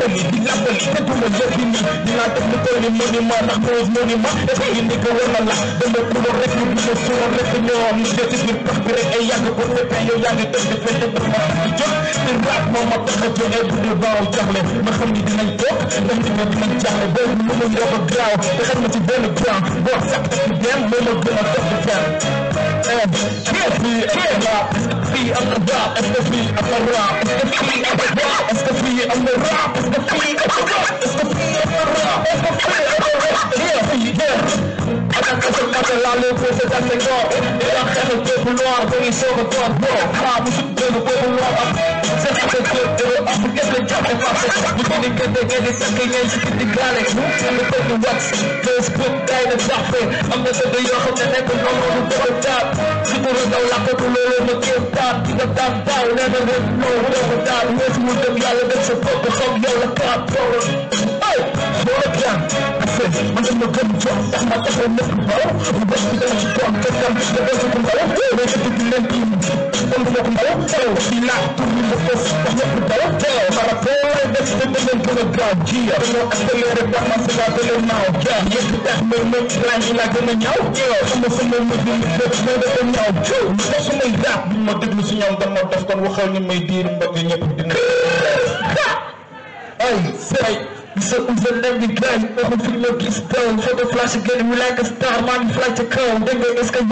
dimbali di labbali tëdduma yëppi nii dinaa def lu toll nii moo ni ma ndax moo moo ni ma est-ce que indi ko war na la dama tuloon rek lu duma suroon rek ñoo ñu jël ci biir pax bi rek ay yàgg ko lépp yow yaa ngi def di fekk dafa tax di jóg te raat moo ma tax a jóg ay budul baaw jaxle ma xam ni dinañ toog ndax dina dinañ jaxle boobu lu ma yokk gaaw te xam na ci benn point boo sax ci dem moo ma gën a def di fer fii am na rap est-ce que fii am na rap est-ce que fii am na rap est-ce que fii am na rap est-ce que fii am na rap est-ce que fii am na rap yeah fii yeah attaque sa kàddu laa leen ko sa kàddu noor yaa xeexal peuple noir ba ñu soog a toog noor xaa bu sut benn peuple noir ak sa kàddu bu gerte jàppee fàtte bu ñu di gerte ngeen di takk ngeen si di gaale mu ngi tëdd wax Facebook gars yi na jàppee am na dëgg yoo xam ne nekk noonu lu ko taab si turu daw làkkatu loolu ma kéem taab di nga taab daaw nee na nga ñëw doo ko taab wees mu dem yàlla def sa bopp xam yow la taab loolu ay boo la jàng man dama gën jox ndax ma taxaw nekk mbalaw mu bokk ci dama ci toog te tam da doon ko mbalaw mais dëgg di leen kii dama ko mbalaw di laaj pour ñu ko foofu ndax a gaaw ji ya dañoo accéléré ba xam si waa dañoo naaw ja yëpp tax ma gën a ñaaw xam nga fu may mujj mu def ma dafa ñaaw jiw ma su may daab bi ma déglu si ñoom dama def kon waxal ni may diir mbokk yi ñëpp dina ay say sa sa nekk di gaañ waxu fi ma gis taw photo flash gën mu like a star maa ngi flash ci kaw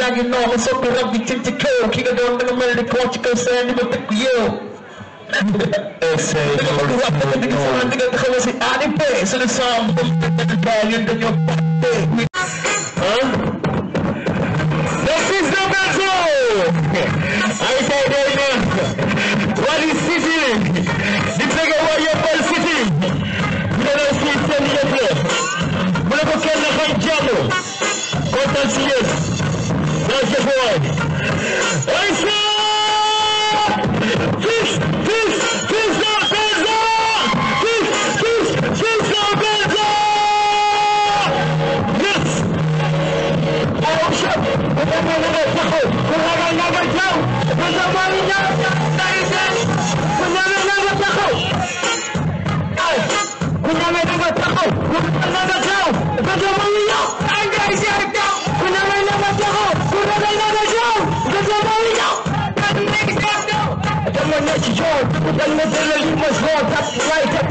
ngi noo ma soppi rab bi ci ci kaw ki nga doon da nga mel ni kaw ci kaw seen ni ma tëkk ese color no si ADP sudah sambung bayan dan yung pati this is the metro I say there now what is city the trigger why your ball city mula na si San Diego mula ko kaya na kay Jamo kontan si Yes that's the boy I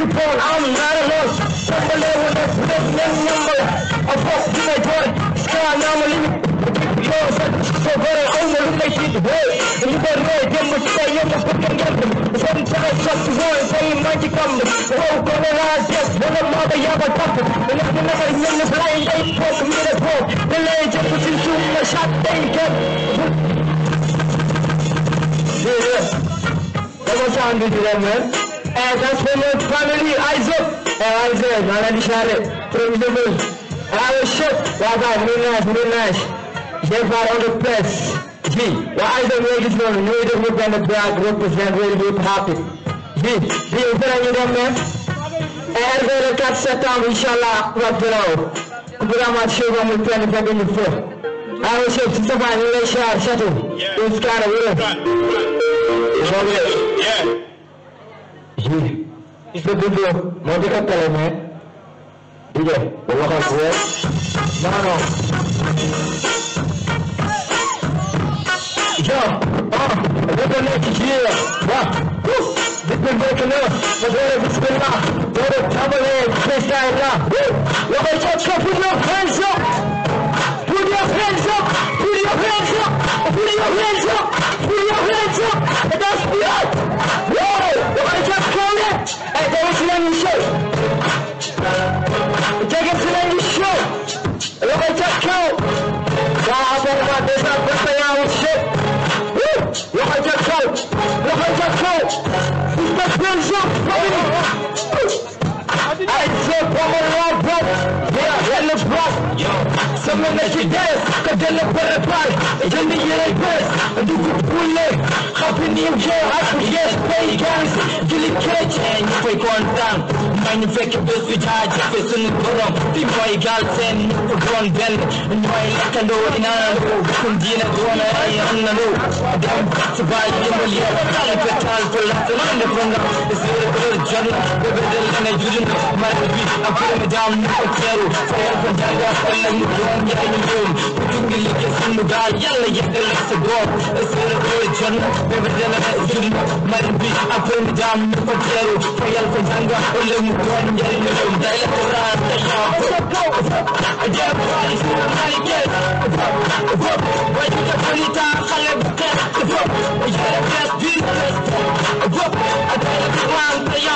I'm not alone. Somebody with a broken number. A broken joy. Sky anomaly. yow sax soo gore aw ma lu may tiit wéy li ko ree jëmm ci kaw yëpp pour nga ngent seen pexe sax mooy say ma ci kamb wow ko ne laa jeex wala ba yaa ko topp ndax di naka ñenn lay ngay toog mi ne toog da lay jëpp ci suuf ma chaque day képp Comment ça, on dit, man? Eh, that's for your family, Isaac. Eh, Isaac, on a dit, allez, premier de vous. Ah, le chef, la gare, ménage, des fois on the press bi waa Aldo ñooy gis noonu ñooy def lu benn braak represent réew mi topic bi bi fële ñu dem ne eh, RV le 4 septembre inchallah wa diraw ku bëgg a amaat show ba mu kenn fekk ñu fo awo ah, chef ci sama ñu lay xaar chatu is kaara wuro yeah isa gudu mo di ka tele me dige wa waxal ko non non وبنات جيع بالبيتنا وغير بسم الله غير التمرين بسم الله وبشكك في اليوم خلصة في اليوم خلصة في اليوم خلصة في اليوم خلصة في اليوم خلصة الناس بيات وبشكك كولت هذا وش لم يشوف تجد لم يشوف وبشكك صعب المدينة joue pour lui. I joue pour mon enfant. Yeah, le bloc. Sama na ci des ka jël préparé jënd yëre bés dugub poulet xapi niw jeew ak jees pay gans julli chrétien ñu fay kontaan may ñu fekk bés bi jaajëfe sunu borom fi mooy gaal seen ñu doon benn ñooy lekkandoo inaanandoo kun diine doon ay annandoo dem si bàyyi yëngal yow xale pétal ko lakk nga jotut bébé de lene juddu na mare bi am fële jaam ñu ko teeru fayal ko jàngaa fay nag ñu doon njëriñu réew ku jug ngi liggéey sunu gaal yàlla yëgal la sa góor sële góor jot na bébé de lene juddu na mare bi am fële jaam ñu ko teeru fayal ko jàngaa fay nag ñu doon njëriñu réew day la ko raas day xaar jéem waay sama maay gees way ñu def nita xale bu xees yàlla fees biir fees day la ko raas day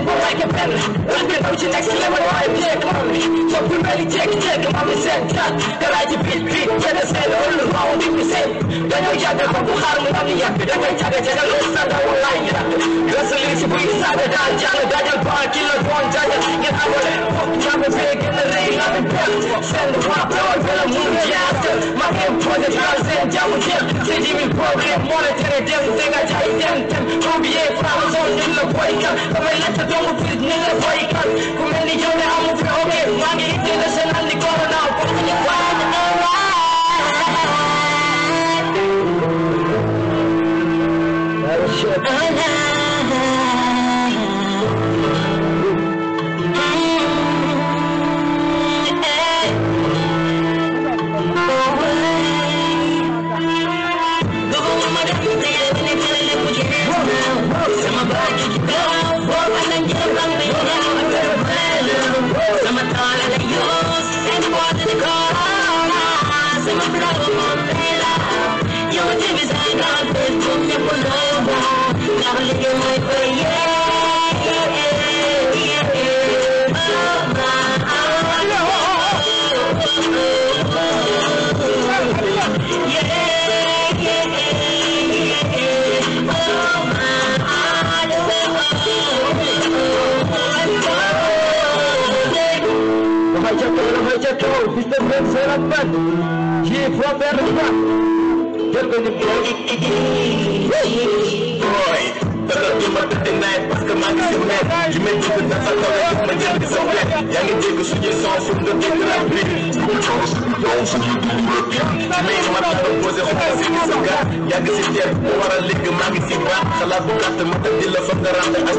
independent. Living for the next level, I take money. So people take, take money, send that. Then I defeat, beat, get a sale, all around the same. Then you get the Bukhar, money, and the Jaga Jaga, listen, I will lie. Just listen, we started on Janet, Daniel Park, Killer, Born Jaga, get out of there. Jump and fake in the rain, I'm in pep. Send the pop, I will feel a move, yeah, after. My hand for the drugs, and jump and kill. Say, give me program, monetary, damn thing, I tell you, damn, damn. Come be a problem, so you know, boy, come. Come and let the dog be. dinañ la boycott ku mel ni Diome amul problème maa ngi itteel a seen andi corona dem seen ak pàcc ci foo benn pàcc jël ko ñu toog. booy dëgg du ma tëdd naay parce que maa ngi si nekk li may jënd dafa taw rek ma jënd sa wet yaa ngi dégg suñu son fu nga dégg rap bi. donc suñu dund rek ci may ma la waral léegi maa ngi si baax xalaat bu gàtt ma tëdd la fa nga rànd ak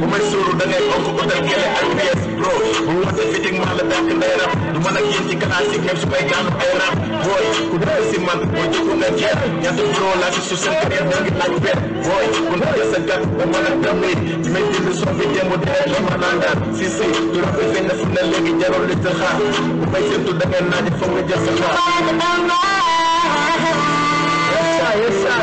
bu may sóoru da ngay bokk ba dal gele ak pees. loo bu woote meeting mën la tàkk ndey rap du mën ak yéen ci classique même su may gaanu ay rap booy ku dee si man boo jëkku nga jeex ñaata loo laa ci sur seen carrière maa ngi laaj bet booy ku ndaje sa gat a may jënd bi démb dee la ma naan daan si si du rafet feeñ na fu ne léegi jarul li taxaar bu may séntu da ngay naaje foog nga jël sa xaar. Yes, sir.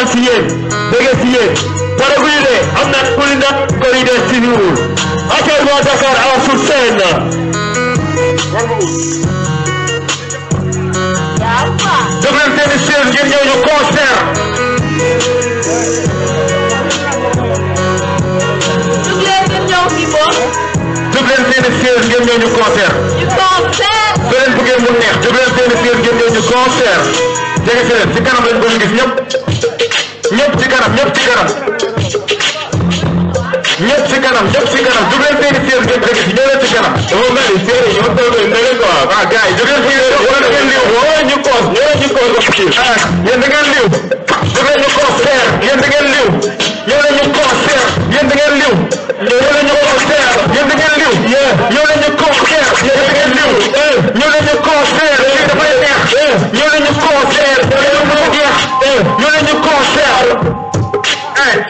kontaan si yéen bëgg si yéen wala bu ñu dee am na ku ñu naan ko ñu dee si ñuul affaire waa Dakar awa sur scène. def leen seen siège ngeen ñëw ñu concert. def leen ngeen ñëw si bopp. def leen seen siège ngeen ñëw ñu concert. ñu concert. beneen bu ngeen mu neex def leen seen siège ngeen ñëw ñu concert. jege si leen si kanam lañ doon gis ñëpp. ñëpp ci kanam ñëpp ci kanam ñëpp ci kanam ñëpp ci kanam jóg leen seen i siège ngeen dëgg si ñëw leen ci kanam. dafa mel ni siège yi ñoo toll nii dëgg quoi. waaw ah, gars yi jóg leen fii rek wala da ngeen liw wala ñu koos ñoo leen ñu koos. ah yéen da ngeen liw jóg leen ñu koos leer yéen da ngeen liw.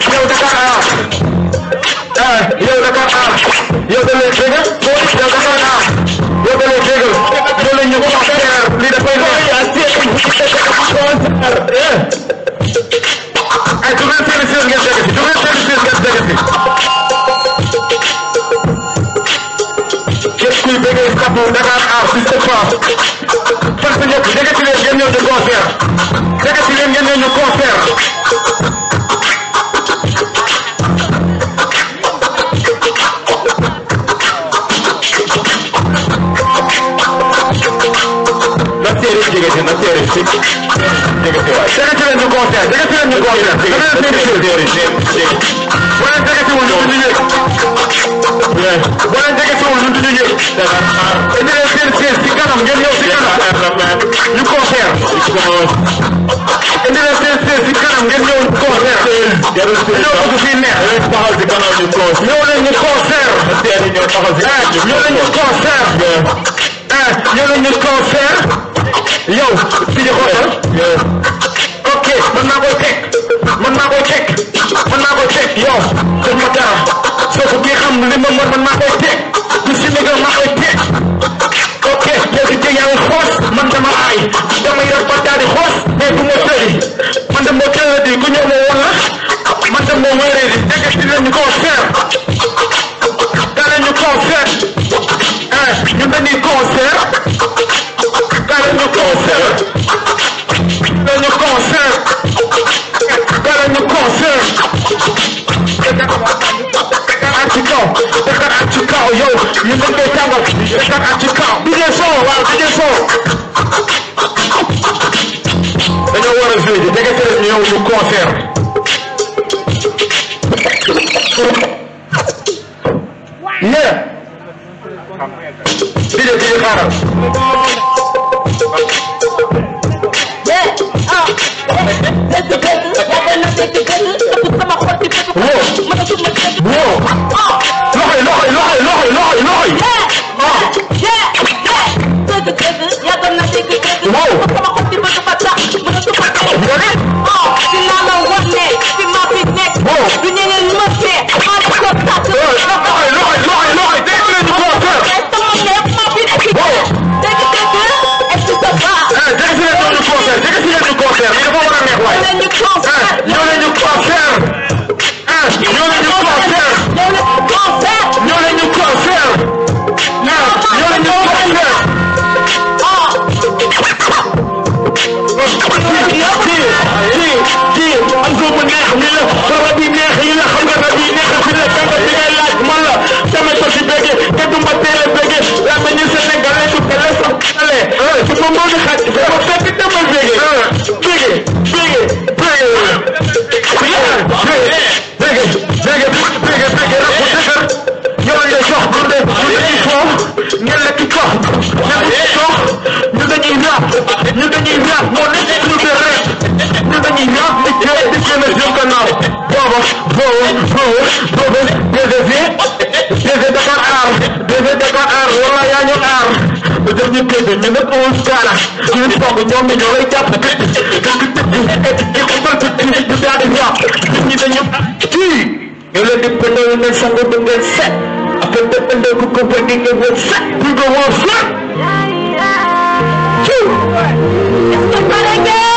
yow Dakar aar ah yow Dakar aar yow da ngay dégg yow Dakar aar yow da ngay dégg yow la ñu ko wax teer li dafay ay dugal seen i ngeen dégg si dugal seen i ngeen dégg si képp kuy bëggee Dakar aar si yow si di xoolal ok mën naa koy teg man maa koy teg man maa koy teg yow sëñ Matar soo ko xam li ma mën man maa koy teg du si nekk maa koy teg ok yow di jege yow xoos man dama aay dama yor bàttaar di xoos mais du ma tëri man dama tëri di ku ñëw ma woon la man dama wéree di dégg si nañu koo seer danañu koo seer ah ñu dañuy koo seer danañu koo seer danañu koo seer Oh, yo, you look at that one. You look at that one. Big and small, wow, big and dañoo war a joué ji dégg nga ñu ñëw ñu concert. boobu ñoom ñoo ñoo lay jàpp ñu daal di ñaax nit ñi dañu kii ñu leen di pëndal ne sangu ba ngeen set ak te pëndal set pour nga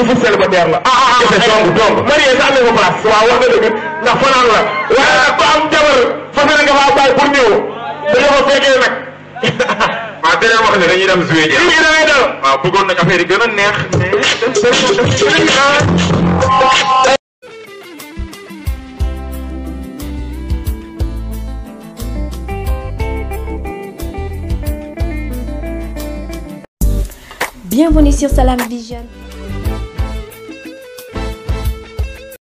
yëfu célibataire la. ah ah ah donc donc. marié sax ne ko place. waaw wax nga dëgg ndax fanaan la. waaye nag ku am jabar fas yéene nga faa bàyyi pour ñëw. dañoo ko fekkee nag. waaw beneen wax ne dañuy dem joué ji. lii da ngay dal. waaw bëggoon nañ affaire yi gën a neex. mais. Bienvenue sur Salam Vision.